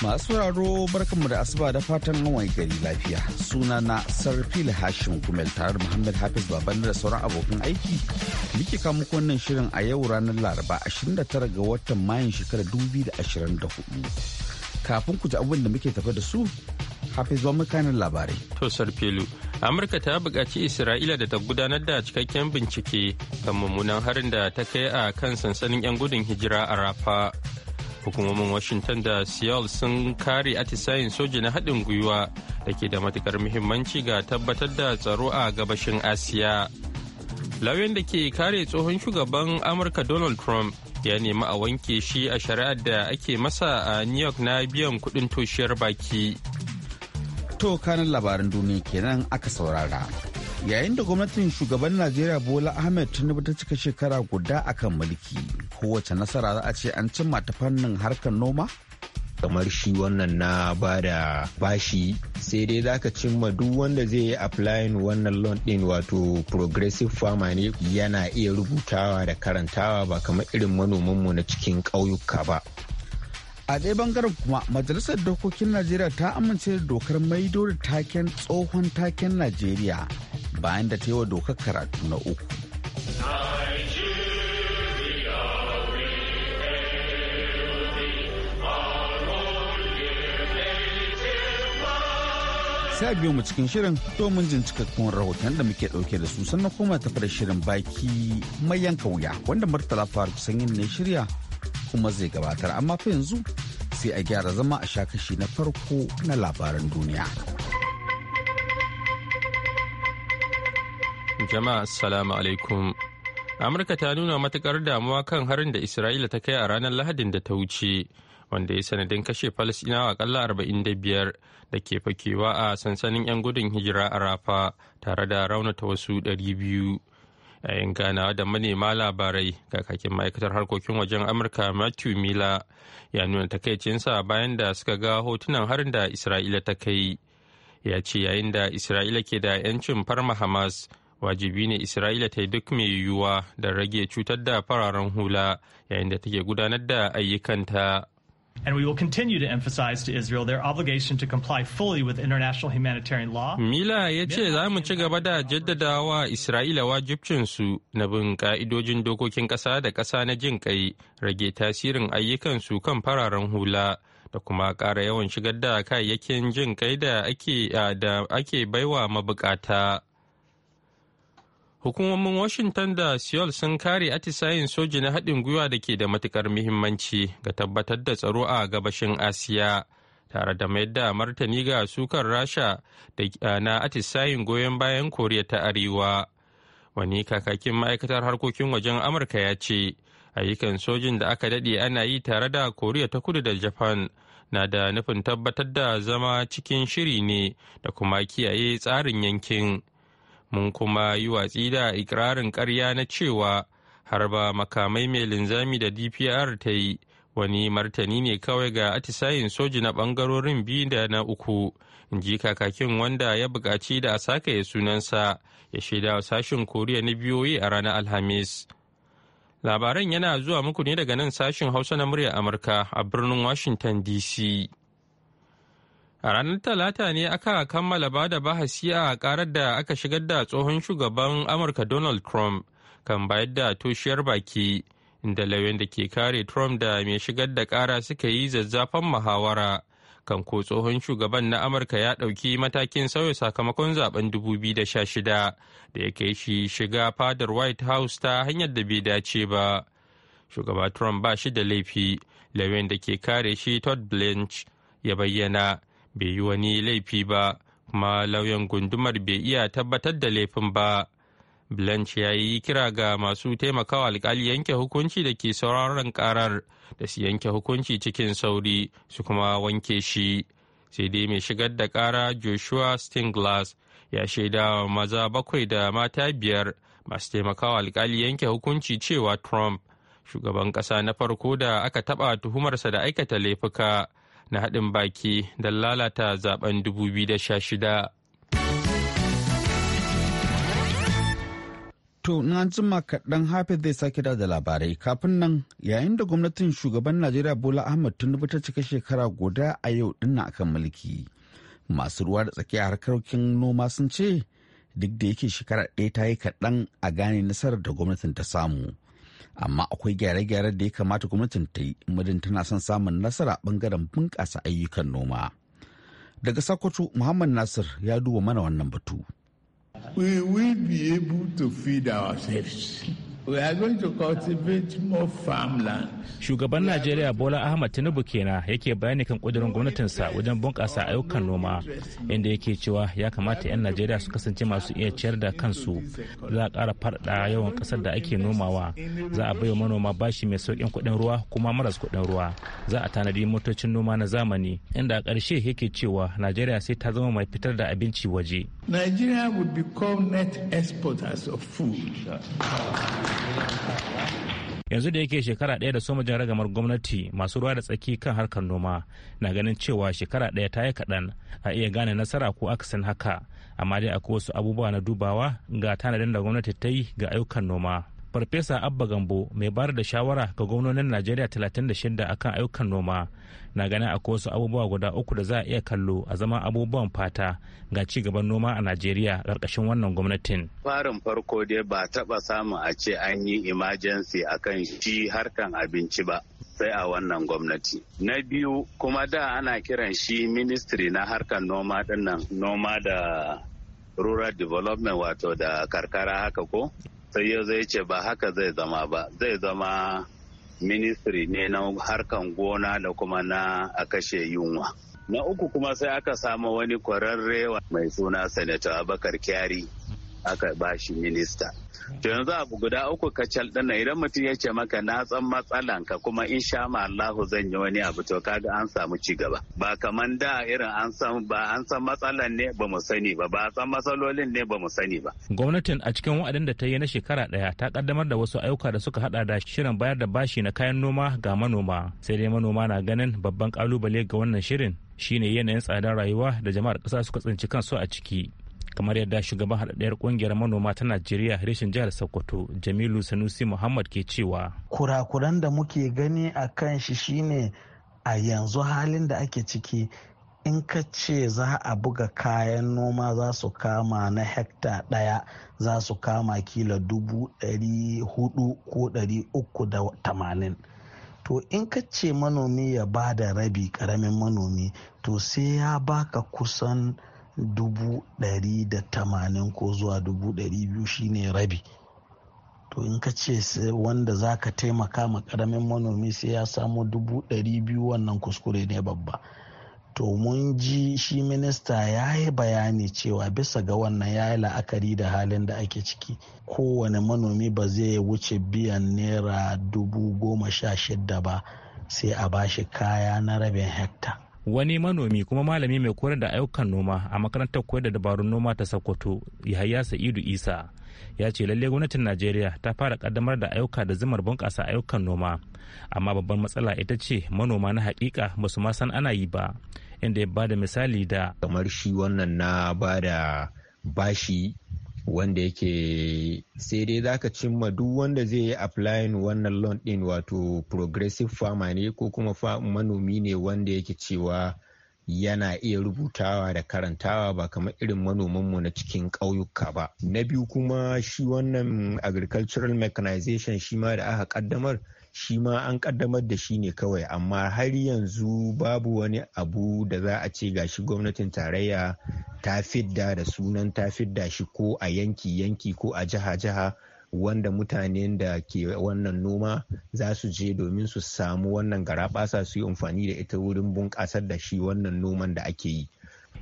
Masu raro barkanmu da asuba da fatan wani gari lafiya. Suna na Sarfil Hashim Gumel tare da Muhammad Hafiz Baban da sauran abokan aiki. Muke kawo muku wannan shirin a yau ranar Laraba 29 ga watan Mayun shekarar 2024. Kafin ku ji abin da muke tafa da su, Hafiz ba kanin labarai. To Sarfilu, Amurka ta buƙaci Isra'ila da ta gudanar da cikakken bincike kan mummunan harin da ta kai a kan sansanin 'yan gudun hijira a Rafa. hukumomin washington da seoul sun kare atisayin soji na haɗin gwiwa da ke da matukar muhimmanci ga tabbatar da tsaro a gabashin asiya lauyan da ke kare tsohon shugaban amurka donald trump ya nemi a wanke shi a shari'ar da ake masa a new york na biyan kudin toshiyar baki to kanin labaran duniya kenan aka saurara yayin da gwamnatin shugaban najeriya bola ahmed tinubu ta cika shekara guda a kan mulki kowace nasara za a ce an cimma ta fannin harkar noma kamar shi wannan na bada bashi sai dai zaka cimma duk wanda zai yi applying wannan loan din wato progressive farmer ne yana iya rubutawa da karantawa ba kamar irin manomanmu na cikin ƙauyuka ba a ɗaya bangaren kuma majalisar dokokin najeriya ta amince da dokar maido da taken tsohon taken najeriya bayan da ta yi wa dokar karatu na uku. sai biyo mu cikin shirin domin jin cikakkun rahoton da muke dauke da su sannan kuma ta fara shirin baki mai yanka wuya wanda murtala faruk sanyin ne shirya kuma zai gabatar amma fa yanzu sai a gyara zama a sha kashi na farko na labaran duniya. jama'a assalamu alaikum amurka ta nuna matukar damuwa kan harin da isra'ila ta kai a ranar lahadin da ta wuce wanda ya sanadin kashe falasinawa akalla arba'in da biyar da ke fakewa a sansanin 'yan gudun hijira a rafa tare da raunata wasu ɗari 200 yayin ganawa da manema labarai kakakin ma'aikatar harkokin wajen amurka matthew miller ya nuna takaicinsa bayan da suka ga hotunan harin da isra'ila ta kai ya ce yayin da isra'ila ke da 'yancin farma hamas wajibi ne isra'ila ta yi duk mai yiwuwa da rage cutar da fararen hula yayin da take gudanar da ayyukanta And we will continue to emphasize to Israel their obligation to comply fully with international humanitarian law. Mila ya ce za mu ci gaba da jaddada wa Isra'ila wajibcinsu na bin ka'idojin dokokin ƙasa da ƙasa na jin ƙai, rage tasirin ayyukansu kan fararen hula. da kuma ƙara yawan shigar da kayayyakin jin kai da ake baiwa mabukata. hukumomin washington da seoul sun kare atisayen soji na haɗin gwiwa da ke da matukar muhimmanci ga tabbatar da tsaro a gabashin asiya tare da mayar da martani ga sukar rasha eh, na atisayen goyon bayan koriya ta arewa wani kakakin ma'aikatar harkokin wajen amurka ya ce ayyukan sojin da aka daɗe ana yi tare da koriya ta kudu da japan na da nufin tabbatar da zama cikin shiri ne da kuma kiyaye tsarin yankin. mun kuma yi watsi da ikirarin karya na cewa harba makamai mai linzami da dpr ta yi wani martani ne kawai ga atisayin soji na bangarorin biyu da na uku in ji kakakin wanda ya buƙaci da a sake sunansa ya shaida sashen koriya na biyoyi a ranar alhamis labaran yana zuwa muku ne daga nan sashen hausa na murya amurka a birnin washington dc A ranar Talata ne aka kammala ba da bahasi a karar da aka shigar da tsohon shugaban Amurka Donald Trump kan bayar da toshiyar baki inda lauyan da ke kare Trump da mai shigar da kara suka yi zazzafan muhawara kan ko tsohon shugaban na Amurka ya ɗauki matakin sauya sakamakon zaben 2016 da ya kai shi shiga fadar White House ta hanyar da bai dace ba. Shugaba Trump ba shi da laifi, lauyan da ke kare shi Todd Blanche ya bayyana. bai yi wani laifi ba kuma lauyan gundumar bai iya tabbatar da laifin ba blanche ya yi kira ga masu taimakawa alkali yanke hukunci da ke sauraron karar da su yanke hukunci cikin sauri su kuma wanke shi sai dai mai shigar da kara joshua stinglass ya shaida maza bakwai da mata biyar masu taimakawa alkali yanke hukunci cewa trump shugaban kasa na farko da aka taɓa tuhumarsa da aikata laifuka na haɗin baki don lalata zaben 2016 To, na jima kaɗan Hafiz zai sake da labarai kafin nan yayin da gwamnatin shugaban Najeriya Bola Ahmed Tinubu ta cika shekara guda a yau dinnan akan mulki. Masu ruwa da tsakiya harkokin noma sun ce duk da yake shekara ɗaya ta yi kaɗan a gane nasarar da gwamnatin ta samu. amma akwai gyare-gyaren da ya kamata gwamnatin ta yi muddin tana son samun nasara bangaren bunƙasa ayyukan noma daga sokoto muhammad nasir ya duba mana wannan batu we will be able to feed ourselves Shugaban Najeriya Bola Ahmad Tinubu kenan yake bayani kan ƙudurin gwamnatinsa wajen bunƙasa ayyukan noma inda yake cewa ya kamata 'yan Najeriya su kasance masu iya ciyar da kansu za a ƙara faɗa yawan ƙasar da ake nomawa za a baiwa manoma bashi mai sauƙin kuɗin ruwa kuma maras kuɗin ruwa za a tanadi motocin noma na zamani inda a ƙarshe yake cewa Najeriya sai ta zama mai fitar da abinci waje. Nigeria would become net exporters of food. yanzu da yake shekara ɗaya da soma ragamar gwamnati masu ruwa da tsaki kan harkar noma na ganin cewa shekara ɗaya ta yi kaɗan a iya gane nasara ko akasin haka amma dai akwai wasu abubuwa na dubawa ga tanadin da gwamnati ta yi ga ayyukan noma farfesa abba gambo mai bayar da shawara ga gwamnonin najeriya 36 akan ayyukan noma na ganin akwai wasu abubuwa guda uku da za a iya kallo a zama abubuwan fata ga ci gaban noma a najeriya karkashin wannan gwamnatin farin farko dai ba taba samun a ce an yi emergency akan shi harkan abinci ba sai a wannan gwamnati na biyu kuma da ana kiran shi ministry na harkan noma dinnan noma da rural development wato da karkara haka ko sai ya zai ce ba haka zai zama ba zai zama ministry ne na harkan gona da kuma na a kashe yunwa na uku kuma sai aka samu wani kwararre mai suna senator abakar kyari aka ba shi minista to yanzu abu guda uku kacal ɗana idan mutum ya ce maka na san matsalan ka kuma in sha ma Allahu zan yi wani abu to kaga an samu ci gaba ba kaman da irin an san ba an san matsalan ne ba mu sani ba ba san matsalolin ne ba mu sani ba gwamnatin a cikin wa'adin da ta yi na shekara ɗaya ta kaddamar da wasu ayyuka da suka hada da shirin bayar da bashi na kayan noma ga manoma sai dai manoma na ganin babban kalubale ga wannan shirin shine yanayin tsadar rayuwa da jama'ar kasa suka tsinci kansu a ciki kamar yadda shugaban haɗaɗɗiyar ƙungiyar manoma ta najeriya reshen jihar sokoto jamilu sanusi muhammad ke cewa kurakuran da muke gani a kan shi shine a yanzu halin da ake ciki in ka ce za a buga kayan noma za su kama na hekta ɗaya za su kama kila dubu ɗari hudu ko ɗari uku da tamanin to in ka ce manomi ya ba da rabi ƙaramin manomi to sai ya baka kusan dubu ɗari da tamanin ko zuwa dubu ɗari biyu shine rabi to in ka ce wanda za ka taimaka ma karamin manomi sai ya samu dubu ɗari biyu wannan kuskure ne babba to mun ji shi minista ya yi bayani cewa bisa ga wannan ya yi la'akari da halin da ake ciki kowane manomi ba zai wuce biyan naira dubu goma sha shida ba sai a bashi kaya na rabin hekta wani manomi kuma malami mai koyar da ayyukan noma a makarantar koyar da dabarun noma ta sokoto yahaya sa'idu isa ya ce lalle gwamnatin najeriya ta fara kaddamar da ayyuka da zimar bunƙasa ayyukan noma amma babban matsala ita ce manoma na hakika ba su ma san ana yi ba inda ya bada misali da kamar shi wannan na bada bashi wanda yake sai dai za ka cimma duk wanda zai yi applying wannan loan din wato progressive farmer ne ko kuma manomi ne wanda yake cewa yana iya rubutawa da karantawa ba kamar irin manomanmu na cikin ƙauyuka ba na biyu kuma shi wannan agricultural mechanization shi ma da aka kaddamar shi ma an kaddamar da shi ne kawai amma har yanzu babu wani abu da za a ce gashi gwamnatin tarayya ta fidda da sunan ta fidda shi ko a yanki yanki ko a jiha jiha wanda mutanen da ke wannan noma za su je domin su samu wannan garabasa su yi amfani da ita wurin bunƙasar da shi wannan noman da ake yi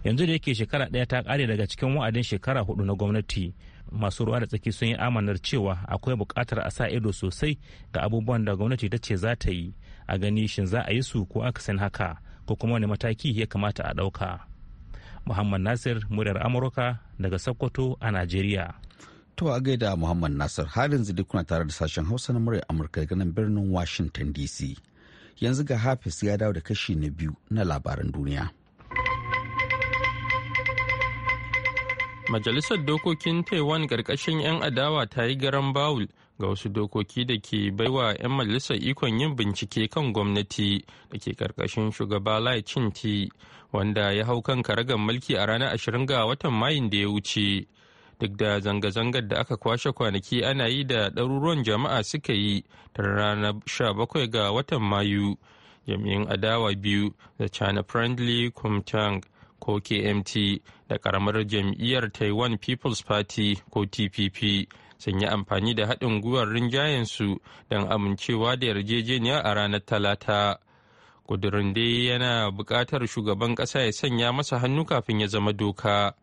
yanzu da yake shekara ɗaya ta kare daga cikin wa'adin shekara hudu na gwamnati masu ruwa da tsaki sun yi amanar cewa akwai bukatar a sa ido sosai ga abubuwan da gwamnati ta ce za ta yi a gani shin za a yi su ko aka san haka ko kuma wani mataki ya kamata a ɗauka muhammad nasir muryar amurka daga sokoto a najeriya To a gaida Muhammad Nasir halin zidi kuna tare da sashen Hausa na murya Amurka daga nan birnin Washington DC. Yanzu ga Hafiz ya dawo da kashi na biyu na labaran duniya. Majalisar Dokokin Taiwan ƙarƙashin 'yan adawa ta yi garan bawul ga wasu dokoki da ke baiwa 'yan majalisar ikon yin bincike kan gwamnati da ke ƙarƙashin shugaba Lai Chin wanda ya hau kan karagar mulki a ranar 20 ga watan Mayun da ya wuce. duk da zanga-zangar da aka kwashe kwanaki ana yi da ɗaruruwan jama'a suka yi ta ranar 17 ga watan mayu jami'in adawa biyu da china friendly kumtang ko kmt da karamar jam'iyyar taiwan people's party ko tpp sun yi amfani da haɗin gwiwar rinjayen su don amincewa da yarjejeniya a ranar talata kudurin dai yana buƙatar shugaban ƙasa ya sanya masa hannu kafin ya zama doka.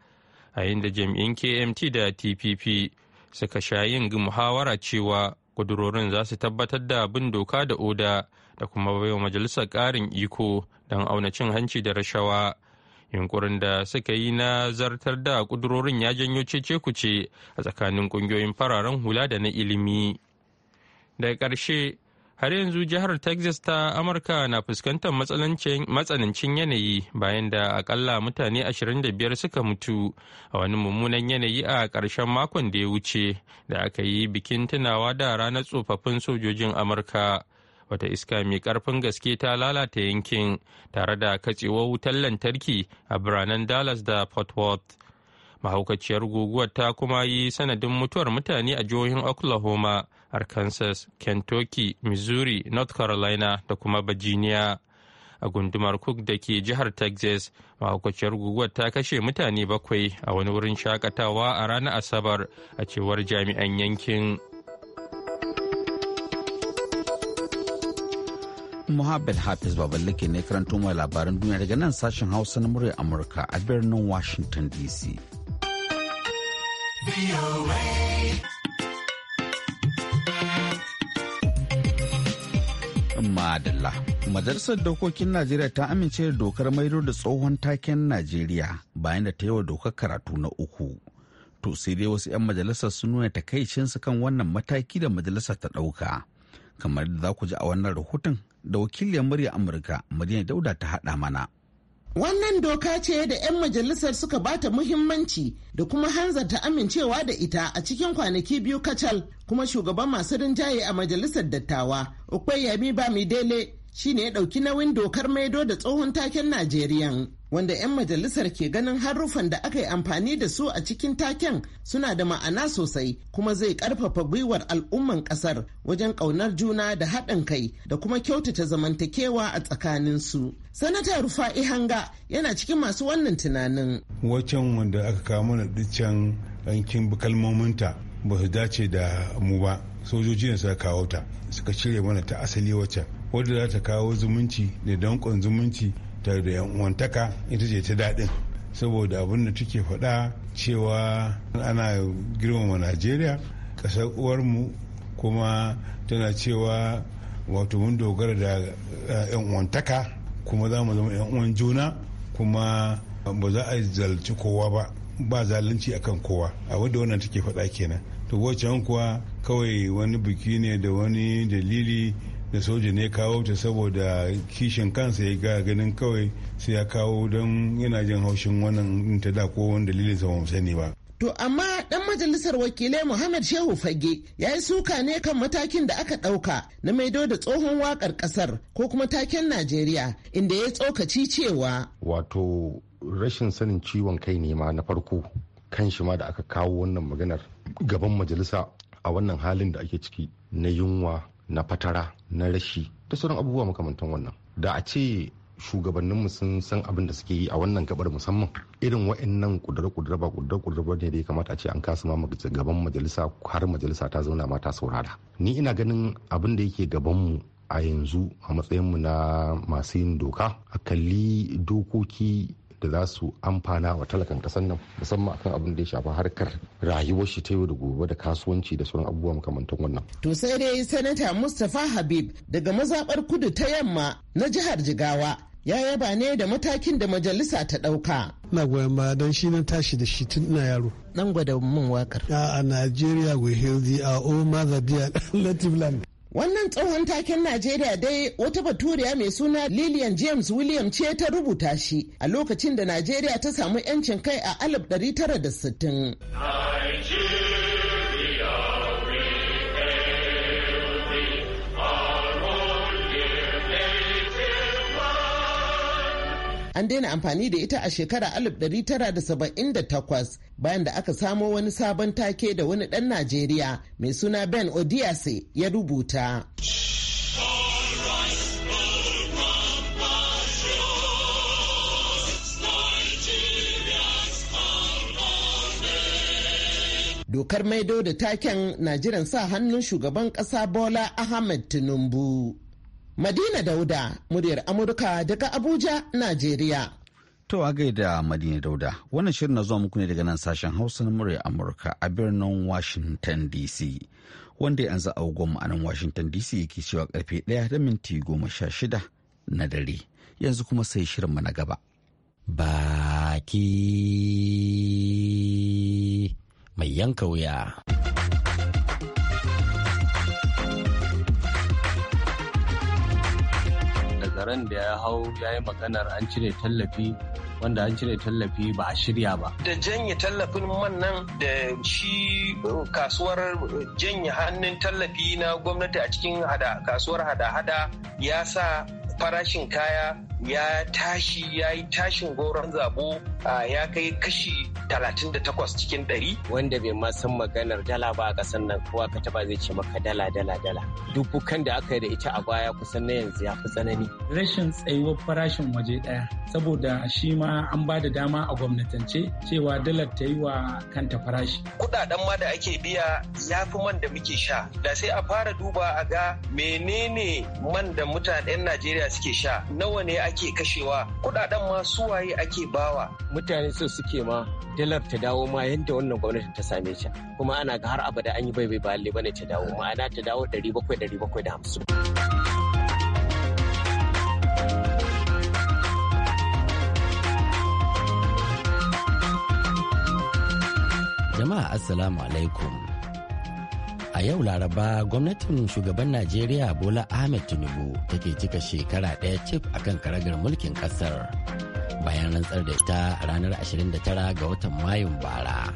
a inda jami'in kmt da tpp suka sha yin muhawara cewa kudurorin za su tabbatar da bin doka da oda da kuma baiwa majalisar ƙarin iko don auna cin hanci da rashawa yunkurin da suka yi na zartar da kudurorin ya janyo cece-kuce a tsakanin ƙungiyoyin fararen hula da na ilimi daga ƙarshe har yanzu jihar texas ta amurka na fuskantar matsanancin yanayi bayan da akalla mutane 25 suka mutu a wani mummunan yanayi a ƙarshen makon da ya wuce da aka yi bikin tunawa da ranar tsofaffin sojojin amurka wata iska mai ƙarfin gaske ta lalata yankin tare da katsewar wutar lantarki a biranen dallas da fort worth mahaukaciyar guguwar ta kuma yi sanadin mutuwar mutane a jihohin oklahoma arkansas kentucky missouri north carolina da kuma virginia a gundumar cook da ke jihar texas mahaukaciyar guguwar ta kashe mutane bakwai a wani wurin shakatawa a ranar asabar a cewar jami'an yankin Muhammad Hafiz Baballake ne karanto mai labaran duniya daga nan sashen Hausa na murya Amurka a birnin Washington DC. adalla. Majalisar Dokokin Najeriya ta amince da dokar maido da tsohon taken Najeriya bayan da ta yi wa dokar karatu na uku. To sai dai wasu 'yan majalisar sun nuna takaicinsu kan wannan mataki da majalisar ta ɗauka. Kamar da za ku ji a wannan rahoton da wakiliyar murya Amurka Madina Dauda ta haɗa mana. Wannan doka ce da 'yan majalisar suka bata muhimmanci da kuma hanzarta amincewa da ita a cikin kwanaki biyu kacal kuma shugaban masu rinjaye a majalisar dattawa Ukwai Yami Bamidele shi ne ya ɗauki nauyin dokar maido da tsohon taken najeriya wanda 'yan majalisar ke ganin harufan da aka yi amfani da su a cikin taken suna da ma'ana sosai kuma zai karfafa gwiwar al'umman kasar wajen ƙaunar juna da haɗin kai da kuma kyautata zamantakewa a tsakanin su sanata rufa'i hanga yana cikin masu wannan tunanin wacan wanda aka kawo mana dicen yankin kalmominta ba su dace da mu ba sojoji ne suka kawo ta suka cire mana ta asali wacce wadda za ta kawo zumunci da danƙon zumunci ta da yan uwantaka ita ce ta daɗin saboda abin da take faɗa cewa ana girmama najeriya ƙasar uwarmu kuma tana cewa wato mun dogara da eh, yan uwantaka kuma za mu zama yan uwan juna kuma ba za a zalci kowa ba ba zalunci akan kowa abin da wannan take faɗa kenan to wacce kuwa kawai wani biki ne da wani dalili da soja ne kawo ta saboda kishin kansa ya ga ganin kawai sai ya kawo don yana jin haushin wannan ta da ko wani dalilin sa sani ba To amma dan majalisar wakilai Muhammad Shehu Fage ya yi suka ne kan matakin da aka ɗauka na maido da tsohon wakar ƙasar ko kuma taken Najeriya inda ya tsokaci cewa. Wato rashin sanin ciwon kai ne ma na farko kan shi ma da aka kawo wannan maganar gaban majalisa a wannan halin da ake ciki na yunwa na fatara na rashi da sauran abubuwa makamantan wannan da a ce shugabanninmu sun san abin da suke yi a wannan gabar musamman irin wa'annan kudura kudura ba kudura kudura ne da ya kamata a ce an kasa ma gaban majalisa har majalisa ta zauna mata saurara ni ina ganin abin da yake gabanmu a yanzu a matsayinmu na masu yin doka a kalli dokoki da za su amfana wa talakan kasar nan musamman akan abin da ya shafa harkar rayuwar shi ta yau da gobe da kasuwanci da sauran abubuwa makamantan wannan. To sai dai Sanata Mustapha Habib daga mazaɓar kudu ta yamma na jihar Jigawa ya yaba ne da matakin da majalisa ta ɗauka. Na goyon ba don shi na tashi da shi tun ina yaro. Dan gwada mun wakar. A a Nigeria we hail thee our own mother dear native land. Wannan tsohon taken Najeriya dai wata baturiya mai suna lilian James William ce ta rubuta shi a lokacin da Najeriya ta samu 'yancin kai a 1960. an daina amfani da ita a shekara 1978 bayan da aka samo wani sabon take da wani ɗan Najeriya mai suna Ben Odiase ya rubuta. Dokar maido da taken na jiran sa hannun shugaban ƙasa Bola Ahmed Tinubu. Madina Dauda, muryar Amurka daga Abuja, Najeriya. To a gaida Madina Dauda, wannan shirin na zuwa muku ne daga nan sashen Hausa na muryar Amurka a birnin Washington DC. Wanda yanzu agogon a anan Washington DC yake cewa karfe ɗaya da minti goma sha shida na dare. Yanzu kuma sai shirinmu na gaba. Baki mai yanka wuya. karen da ya hau ya yi maganar an cire tallafi wanda an cire tallafi ba a shirya ba. Da janye tallafin man nan da shi uh, kasuwar uh, janye hannun tallafi na gwamnati a cikin kasuwar hada-hada ya sa farashin kaya ya tashi ya yi tashin goron zabo ya kai kashi 38 cikin 100 wanda bai ma san maganar dala ba a kasar nan kowa ka taba zai ce maka dala dala dala dubukan da aka yi da ita a baya kusan na yanzu ya fi tsanani rashin tsayuwar farashin waje daya saboda shi ma an ba da dama a gwamnatance cewa dalar ta yi wa kanta farashi kudaden ma da ake biya ya fi man da muke sha da sai a fara duba a ga menene man da mutanen najeriya suke sha nawa ne ake kashewa kudaden ma waye ake bawa mutane so suke ma dalar ta dawo ma yadda wannan gwamnati ta same ta kuma ana ga har abada an yi bai bai bale bane ta dawo ma'ana ta dawo 700 750 jama'a assalamu alaikum a yau laraba gwamnatin shugaban najeriya bola ahmed tinubu take cika shekara ɗaya cif akan karagar mulkin ƙasar bayan rantsar da ita a ranar 29 ga watan mayun bara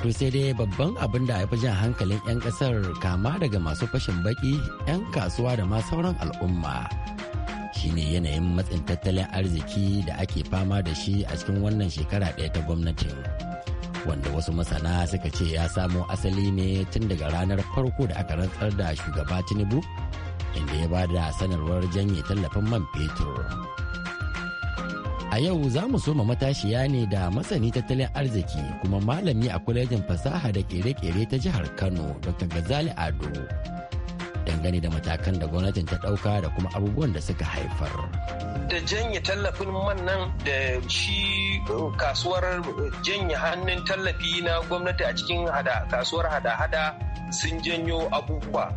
to sai dai babban abin da haifi jan hankalin 'yan kasar kama daga masu fashin baki 'yan kasuwa da ma sauran al'umma shine yanayin matsin tattalin arziki da ake fama da shi a cikin wannan shekara ɗaya ta gwamnati, wanda wasu masana suka ce ya samo asali ne tun daga ranar farko da aka rantsar da shugaba tinubu inda ya ba da sanarwar janye tallafin man fetur A yau za mu soma matashiya ne da masani tattalin arziki kuma malami a kwalejin fasaha da kere-kere ta jihar Kano Dr. Gazali Ado. Dangane da matakan da gwamnatin ta ɗauka da kuma abubuwan da suka haifar. Da janye tallafin man da shi uh, kasuwar uh, janye hannun tallafi na gwamnati a cikin kasuwar hada-hada sun janyo abubuwa.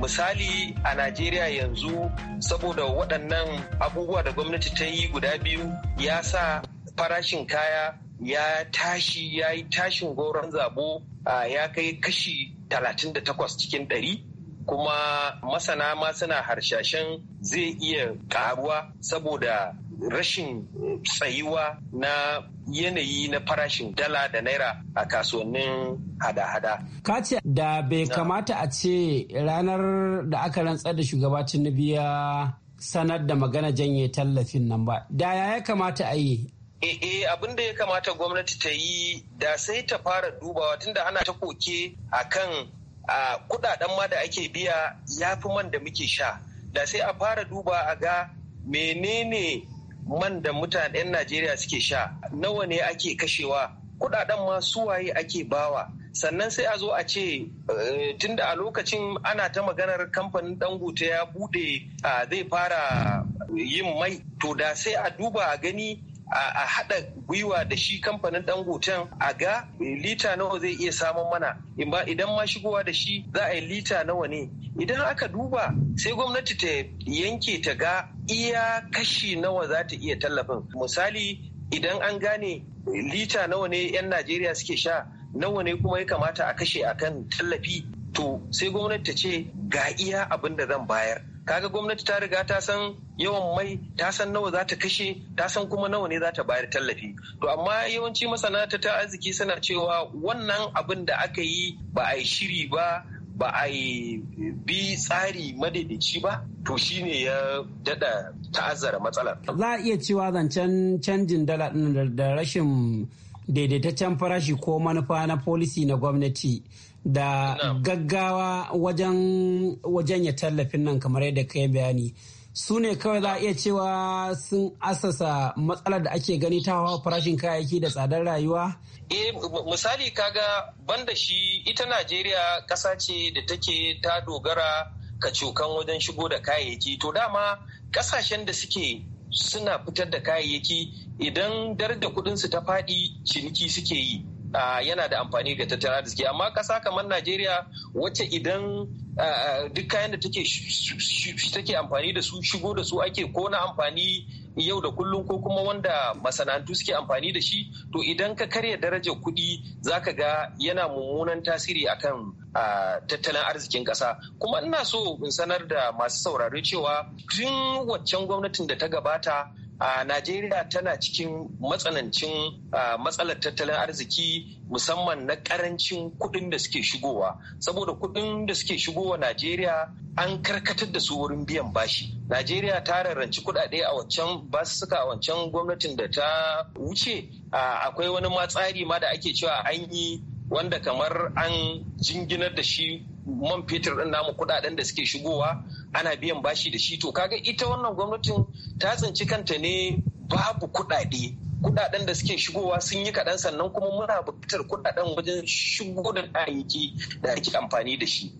misali a najeriya yanzu saboda waɗannan abubuwa da gwamnati ta yi guda biyu ya sa farashin kaya ya tashi ya yi tashin goron zabo ya kai kashi 38 cikin ɗari. kuma masana ma suna harshashen zai iya karuwa saboda rashin tsayuwa na yanayi na farashin dala da naira a kasuwannin hada-hada. Kace da bai kamata a ce ranar da aka rantsar da shugaba Tinubu biya sanar da magana janye tallafin nan ba. Da ya kamata a yi eh eh abin da ya kamata gwamnati ta yi da sai ta fara dubawa tunda ana ta koke a kan kudaden ma da ake biya ya fi man da muke sha da sai a fara duba a ga menene man da mutanen Najeriya suke sha nawa ne ake kashewa kudaden ma suwaye ake bawa sannan sai a zo a ce eh, tunda a lokacin ana ta maganar kamfanin dangote ya bude zai fara yin mai to da sai a duba a gani a haɗa gwiwa da shi kamfanin dangoten a ga eh, lita nawa zai iya samun mana idan ma shigowa da shi za a yi lita nawa ne idan aka duba sai gwamnati ta yanke ta ga iya kashi nawa za ta iya tallafin misali idan an gane lita nawa ne 'yan najeriya suke sha nawa ne kuma ya kamata a kashe akan tallafi to sai gwamnati ta ce ga iya abin da zan bayar kaga gwamnati ta riga ta san yawan mai ta san nawa za ta kashe ta san kuma nawa ne za ta bayar tallafi to amma yawanci masana ta arziki suna cewa wannan abin da aka yi ba a yi shiri ba ba a yi bi tsari madaidaici ba to shine ya dada ta'azzara matsalar. Za a iya cewa zancen canjin dala da rashin daidaitaccen farashi ko manufa na folisi na gwamnati da gaggawa wajen ya tallafin nan kamar yadda ka yi bayani. su ne kawai za a iya cewa sun asasa matsalar da ake gani ta hawa farashin kayayyaki da tsadar rayuwa? Eh misali kaga banda shi ita Najeriya ƙasa ce da take ta dogara kacokan wajen shigo da kayayyaki. To dama ƙasashen da suke suna fitar da kayayyaki idan da kuɗinsu ta faɗi ciniki suke yi. Uh, yana da amfani ga tattalin arziki amma ƙasa kamar najeriya wacce idan duk kayan da take amfani da su shigo da su ake ko na amfani yau da kullum ko kuma wanda masana'antu suke amfani da shi to idan ka karya darajar kuɗi ka ga yana mummunan tasiri akan tattalin arzikin ƙasa kuma ina so in sanar da masu saurare cewa tun waccan gwamnatin da ta gabata a najeriya tana cikin matsanancin matsalar tattalin arziki musamman na karancin kuɗin da suke shigowa saboda kuɗin da suke shigowa najeriya an karkatar da su wurin biyan bashi najeriya ta rarranci kuɗaɗe a wancan suka a wancan gwamnatin da ta wuce akwai wani ma tsari ma da ake cewa an yi wanda kamar an jinginar da shi man fetur ɗin namu kuɗaɗen da suke shigowa ana biyan bashi da shi to kaga ita wannan gwamnatin ta tsinci kanta ne babu kuɗaɗe kuɗaɗen da suke shigowa sun yi kaɗan sannan kuma muna buƙatar kuɗaɗen wajen shigo da kayayyaki da ake amfani da shi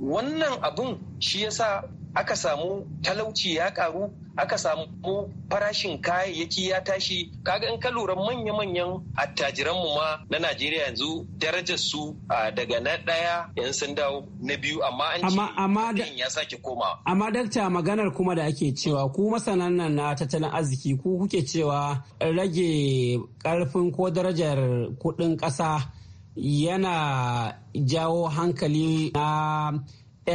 wannan abun shi yasa aka samu talauci ya karu aka samu farashin kayayyaki ya tashi kaga in ka lura manya-manyan attajiranmu ma na najeriya yanzu darajar su daga na ɗaya yan sun dawo na biyu amma an ce amma ya sake koma amma dakta maganar kuma da ake cewa ku masanan nan na tattalin arziki ku kuke cewa rage karfin ko darajar kudin kasa yana jawo hankali na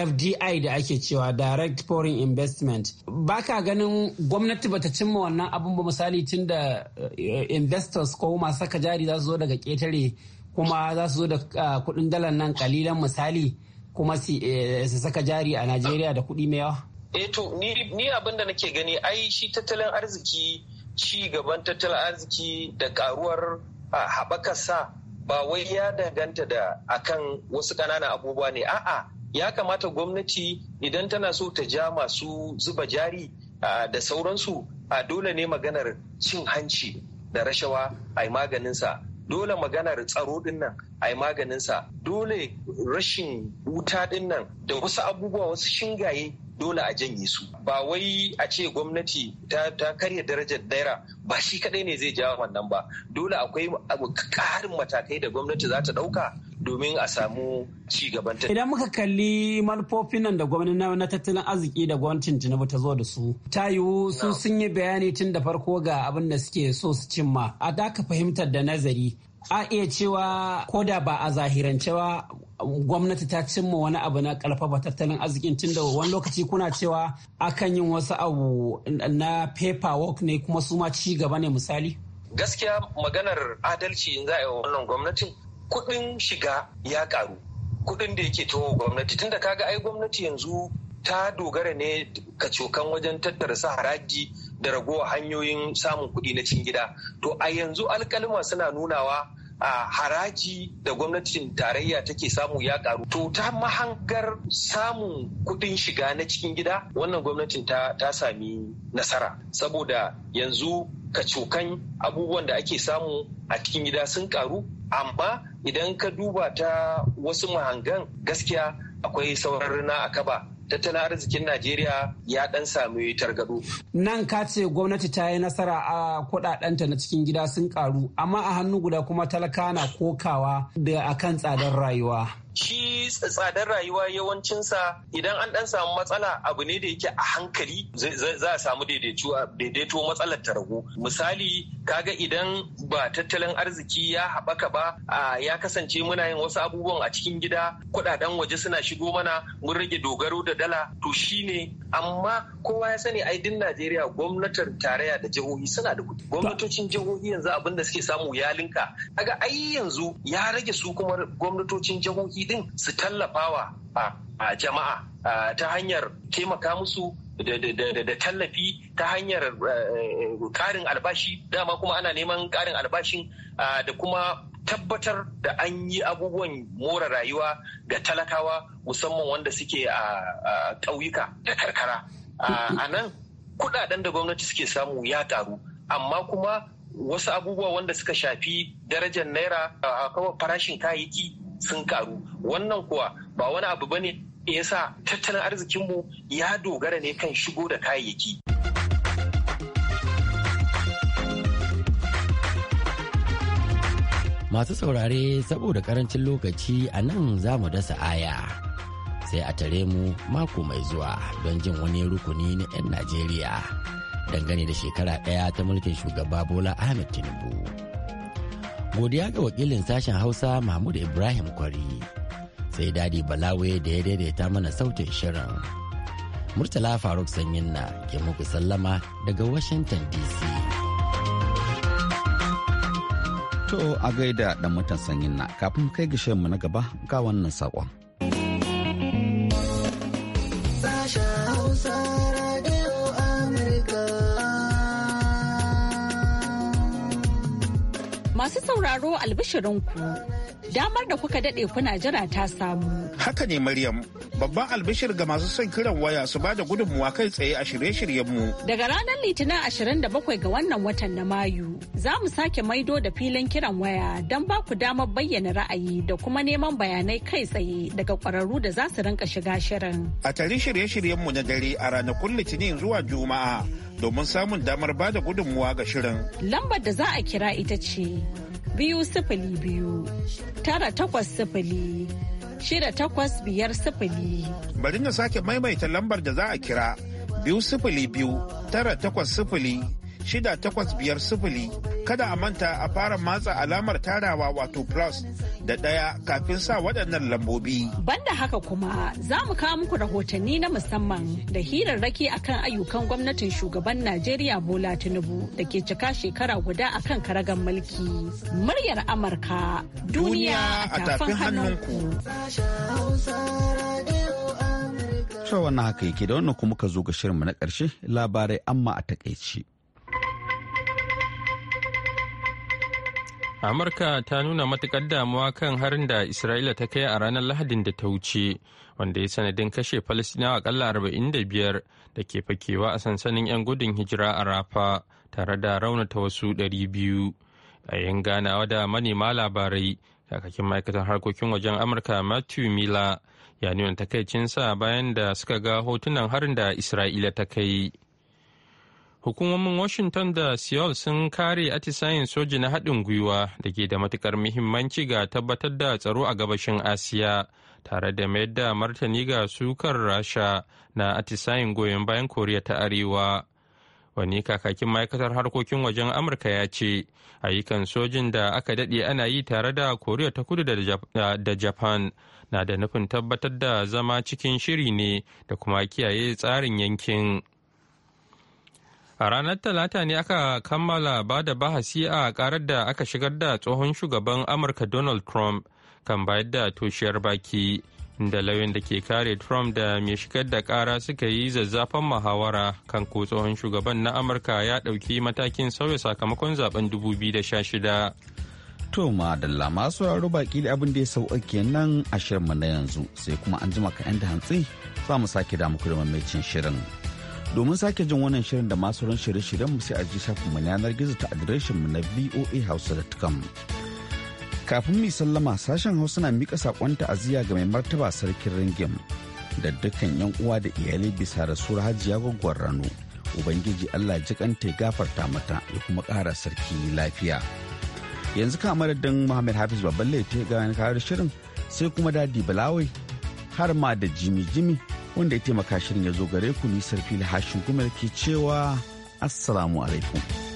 fdi da ake cewa direct foreign investment ba ka ganin gwamnati bata cimma wannan abin ba misali tun da eh, investors ko masu saka jari za su zo daga ketare kuma za su zo da ah, kuɗin dalar nan kalilan misali kuma eh, su saka jari a najeriya da kuɗi mai yawa eh to ni abin da nake gani ai shi tattalin arziki ci gaban tattalin arziki da karuwar ah, sa ba wai ya danganta da akan wasu ƙananan abubuwa ne a'a ya kamata gwamnati idan tana so ta ja masu zuba jari da sauransu a dole ne maganar cin hanci da rashawa a maganinsa dole maganar tsaro din nan a maganinsa dole rashin wuta din da wasu abubuwa wasu shingaye dole a janye su ba wai a ce gwamnati ta, karya darajar daira ba shi kadai ne zai jawo wannan ba dole akwai karin matakai da gwamnati za ta dauka domin a samu ci gaban ta. Idan muka kalli manufofin nan da gwamnati na tattalin arziki da gwamnatin Tinubu ta zo da su, ta yiwu su sun yi bayani tun da farko ga abin da suke so su cimma. A da fahimtar da nazari, a iya cewa ko da ba a zahirance ba gwamnati ta cimma wani abu na karfafa tattalin arzikin tunda wani lokaci kuna cewa akan yin wasu abu na paperwork ne kuma su ma ci gaba ne misali gaskiya maganar adalci in za a yi wa. wannan gwamnatin kuɗin shiga ya ƙaru kuɗin da yake towo gwamnati tunda kaga ai gwamnati yanzu ta dogara ne kacokan wajen tattara sa haraji da ragowa hanyoyin samun kuɗi na cin gida to a yanzu alkalima suna nunawa a haraji da gwamnatin tarayya take samu ya ƙaru to ta mahangar samun kuɗin shiga na cikin gida wannan gwamnatin ta ta sami nasara saboda yanzu kacokan abubuwan da ake samu a cikin gida sun ƙaru amma idan ka duba ta wasu mahangan gaskiya akwai saurari na akaba tattalin arzikin Najeriya ya dan sami targado. Nan ka ce gwamnati ta yi nasara a kudadenta na cikin gida sun karu, amma a hannu guda kuma talaka na kokawa da akan tsadar rayuwa. shi tsadar rayuwa yawancinsa idan an dan samu matsala abu ne da yake a hankali za a samu daidaito matsalar ta ragu misali kaga idan ba tattalin arziki ya haɓaka ba ya kasance muna yin wasu abubuwan a cikin gida kuɗaɗen waje suna shigo mana mun rage dogaro da dala to shine amma kowa ya sani ai din Najeriya gwamnatin tarayya da jihohi suna da kuɗi gwamnatocin jihohi yanzu abin da suke samu ya linka kaga ai yanzu ya rage su kuma gwamnatocin jihohi din su tallafawa a jama'a ta hanyar taimaka musu da tallafi ta hanyar eh, karin albashi dama kuma ana neman karin albashin da kuma tabbatar da an yi abubuwan mora rayuwa ga talakawa musamman wanda suke a ƙauyuka da karkara a nan kudaden da gwamnati suke samu ya karu amma kuma wasu abubuwa wanda suka shafi darajar naira a farashin kayayyaki sun karu wannan kuwa ba wani abu bane yasa tattalin arzikinmu ya dogara ne kan shigo da kayayyaki masu saurare saboda karancin lokaci a nan za mu dasa aya sai a tare mu mako mai zuwa don jin wani rukuni na 'yan najeriya dangane da shekara ɗaya ta mulkin shugaba bola ahmed tinubu godiya ga wakilin sashen hausa mahmud ibrahim kwari sai dadi balawe da ya daidaita mana sautin shirin murtala faruk sanyin na ke muku sallama daga washington dc to a gaida dan mutan sanyin na kafin kai ga mu na gaba ga wannan saƙon. Masu sauraro ku damar da kuka daɗe kuna jira ta samu. Haka ne Maryam, babban albishir ga masu son kiran waya su ba da gudunmuwa kai tsaye a shirye mu. Daga ranar Litinin 27 ga wannan watan na Mayu, za mu sake maido da filin kiran waya don ba ku damar bayyana ra'ayi da kuma neman bayanai kai tsaye daga kwararru da za su rinka shiga shirin. A tare shirye shiryen mu na dare a ranakun Litinin zuwa Juma'a. domin samun damar ba da gudunmuwa ga shirin. Lambar da za a kira ita ce biyu sifili biyu tara takwas sifili shida takwas biyar sifili. Bari na sake maimaita lambar da za a kira biyu sifili biyu tara takwas sifili shida takwas biyar sifili kada a manta a fara matsa alamar tarawa wato plus da ɗaya kafin sa waɗannan lambobi. Banda haka kuma za mu kawo muku rahotanni na musamman da hirarraki akan ayyukan gwamnatin shugaban Najeriya Bola Tinubu da ke cika shekara guda akan karagan mulki. Muryar Amurka duniya a tafin hannunku. Cewa wannan haka yake da wannan kuma ka zo ga shirinmu na ƙarshe labarai amma a takaici. amurka ta nuna matukar damuwa kan harin da isra'ila ta kai a ranar lahadin da ta wuce wanda ya sanadin kashe falastinawa akalla 45 da ke fakewa a sansanin 'yan gudun hijira a rafa tare da raunata wasu 200 yin ganawa da manema labarai kakakin ma'aikatan harkokin wajen amurka matthew miller ya nuna takaicinsa bayan da suka ga hotunan harin da isra'ila ta kai hukumomin washington da seoul sun kare atisayen soji na haɗin gwiwa da ke da matukar muhimmanci ga tabbatar da tsaro a gabashin asiya tare da mayar da martani ga sukar rasha na atisayen goyon bayan koriya ta arewa wani kakakin ma'aikatar harkokin wajen amurka ya ce ayyukan sojin da aka daɗe ana yi tare da koriya ta kudu da japan na da nufin tabbatar da zama cikin shiri ne da kuma kiyaye tsarin yankin. A ranar Talata ne aka kammala ba da bahasi a karar da aka shigar da tsohon shugaban Amurka Donald Trump kan bayar da toshiyar baki da lauyan da ke kare Trump da mai shigar da kara suka yi zazzafan muhawara kan ko tsohon shugaban na Amurka ya ɗauki matakin sauya sakamakon zaben 2016. To madalla masu raro baki da abin da ya sauƙaƙe nan a shirinmu na yanzu sai kuma an jima ka 'yan da hantsi za mu sake damu da mamacin shirin. Domin sake jin wannan shirin da masu ran shirye-shiryen mu sai a ji shafin mu yanar gizo ta adireshin mu na voahausa.com. Kafin mu sallama sashen Hausa na mika sakon ta'aziyya ga mai martaba sarkin ringim da dukkan yan uwa da iyalai bisa da sura hajiya gwaggwar rano. Ubangiji Allah ji jikanta ya gafarta mata ya kuma kara sarki lafiya. yanzu kan madadin Muhammad Hafiz babban laifi ga kawar shirin sai kuma Dadi Balawai har ma da Jimi Jimi wanda ya taimaka shirin ya zo gare ku nisar fili hashin kuma ke cewa assalamu alaikum.